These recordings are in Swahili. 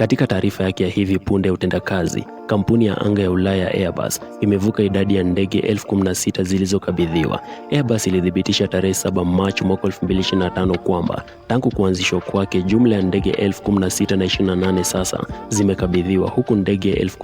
Katika taarifa yake ya hivi punde ya utendakazi kampuni ya anga ya Ulaya Airbus imevuka idadi ya ndege 16 zilizokabidhiwa. Airbus ilithibitisha tarehe 7 Machi mwaka 2025 kwamba tangu kuanzishwa kwake jumla ya ndege elfu 28 sasa zimekabidhiwa, huku ndege elfu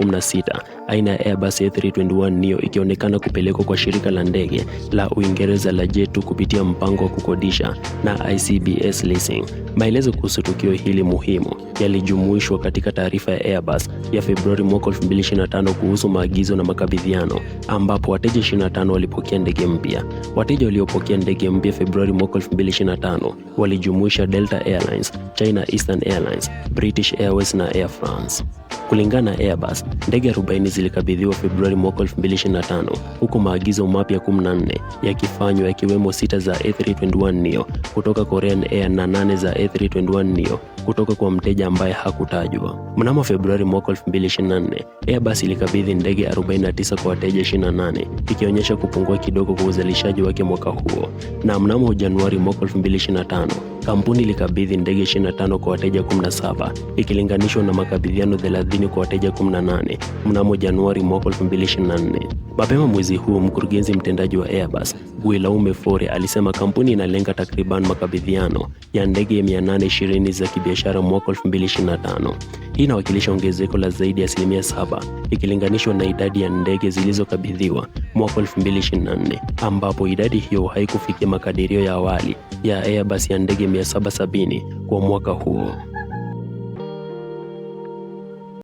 aina ya Airbus A321 neo ikionekana kupelekwa kwa shirika la ndege la Uingereza la jetu kupitia mpango wa kukodisha na ICBS leasing. Maelezo kuhusu tukio hili muhimu yalijumuishwa katika taarifa ya Airbus ya Februari mwaka 2025 kuhusu maagizo na makabidhiano, ambapo wateja 25 walipokea ndege mpya. Wateja waliopokea ndege mpya Februari mwaka 2025 walijumuisha Delta Airlines, China Eastern Airlines, British Airways na Air France. Kulingana na Airbus, ndege 40 zilikabidhiwa Februari mwaka 2025 huku maagizo mapya 14 yakifanywa yakiwemo sita za A321neo kutoka Korean Air na nane za A321neo kutoka kwa mteja ambaye hakutajwa. Mnamo Februari mwaka 2024, Airbus ilikabidhi ndege 49 kwa wateja 28 ikionyesha kupungua kidogo kwa uzalishaji wake mwaka huo, na mnamo Januari mwaka 2025 Kampuni ilikabidhi ndege 25 kwa wateja 17 ikilinganishwa na makabidhiano 30 kwa wateja 18 mnamo Januari mwaka 2024. Mapema mwezi huu, mkurugenzi mtendaji wa Airbus Guillaume Fore alisema kampuni inalenga takriban makabidhiano ya ndege 820 za kibiashara mwaka 2025. Hii inawakilisha ongezeko la zaidi ya asilimia 7 ikilinganishwa na idadi ya ndege zilizokabidhiwa mwaka 2024, ambapo idadi hiyo haikufikia makadirio ya awali ya Airbus ya ndege 770 kwa mwaka huo.